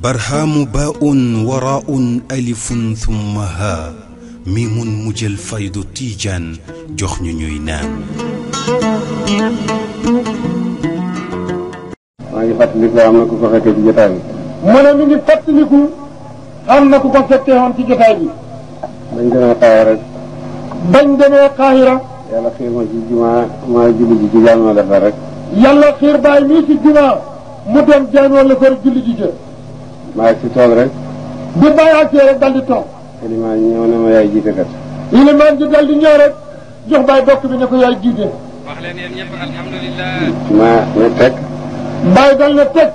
برهام باء وراء ألف ثم ها ميم فيض تيجان جخن نينان من فاتلكو امنا كو فكه تي جتاي مانا ميغي فاتلكو امنا كو فكه هون قاهره بنجنا قاهره yàlla xiir ma ci jumaa ma julli ji ci jaamoo lafar rek yàlla xiir baay mii ci jumaa mu dem jaamoo lafar julli ji jë maa toog rek bi bàyyi see rek dal di toog ilimaan ñëw ne ma yaay jiite kat ilimaan ji dal di ñëw rek jox baay bokk bi ne ko yaay jiite wax ma ne teg baay dal na teg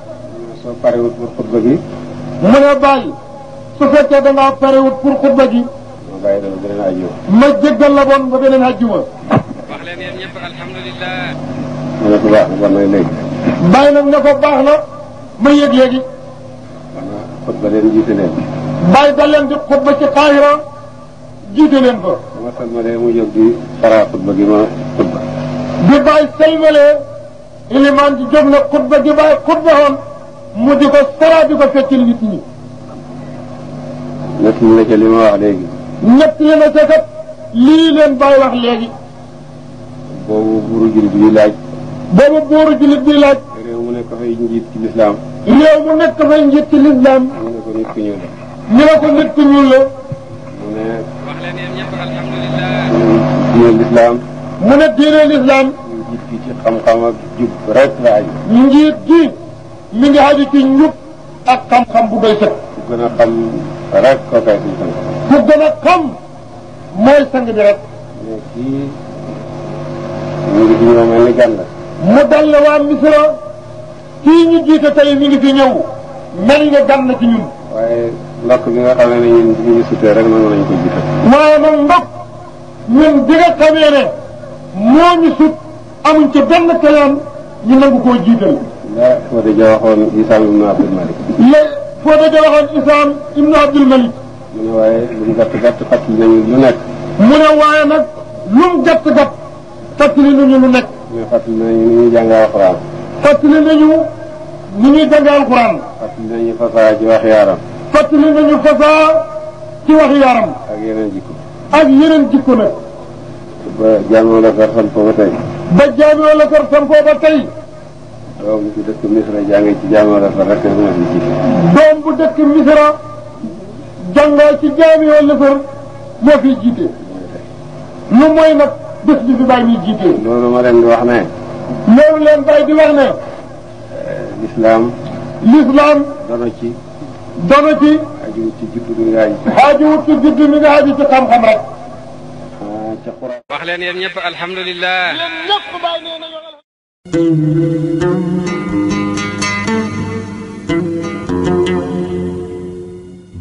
soo parewut pour xutba gi mu ne baay su fekkee dangaa parewut pour xutba gi bàyyi la ba beneen àjjuma. ma jéggal la bon ba beneen àjjuma. wax leen yéen ñëpp alhamdulilah. mu ne ko baax na bon nag léegi. bàyyi nag ne ko baax na ma yëg léegi. xanaa xutba leen jiite leen. bàyyi da leen di xutba ci Kaahira jiite leen ko. dama salmalee mu jóg di faraa xutba gi ma xutba. bi bàyyi salmalee ilimaan di jóg na xutba gi bàyyi xutba woon mu di ko saraa di ko fekkil nit ñi. nekk na ca li ma wax léegi. ñett yéen a sekat lii leen bàyyi wax léegi. boobu buuru jullit bi laaj. boobu buuru jullit bi laaj. réew mu nekk fay njiit ci lislaam. réew mu nekk fay ko nit ko nit mu ne. wax leen yéen ñëpp alhamdulilah. diine mu ne diine lislaam. ak jub bu doy rek ko kay si ku gën a xam mooy sang bi rek. mais kii ñu ngi fi ñëw mel ni gan mu dal waa Misra kii ñu jiite tey mi fi ñëw mel nga gan la ci ñun. waaye ndokk bi nga xam ne ñun bi ñu sutee rek ko jiite. moo ñu sut amuñ ca benn kalaan ñu nangu koo jiital. la Fodé waxoon Isaam ibnu Abdul Malik. la Fodé waxoon Isaam ibnu Abdul Malik. mu ne waaye lu mu gàtt gàtt fàttali nañu lu nekk. mu ne waaye nag lu mu gàtt gàtt fàttali nañu lu nekk. mu ne fàttali nañu ni ñuy jàngal alxuraan. fàttali nañu ni ñuy jàngal alxuraan. fàttali nañu fasaa ci wax yaaram. fàttali nañu fasaa ci wax yaaram. ak yeneen jikko. ak yeneen jikko nag. ba jaamoo la kër sampoo ba tey. ba jaamoo la kër sampoo ba tey. doom bu dëkk Misra jàng ci jaamoo la kër rek doom bu dëkk Misra. dangoo ci jaami yoo lëfër moo fiy jiite lu mooy nag bés bi fi bàyyi ñuy jiite. loolu ma leen di wax ne. loolu leen bàyyi di wax ne. lislaam. lislaam. dono ci. dono ci. xaajuwut ci juddu mi nga aju. xaajuwut ci juddu mi nga aju ci xam-xam rek. Ah, ca Quraan. wax leen yéen ñëpp alhamdulilah. yéen ñëpp bàyyi nee na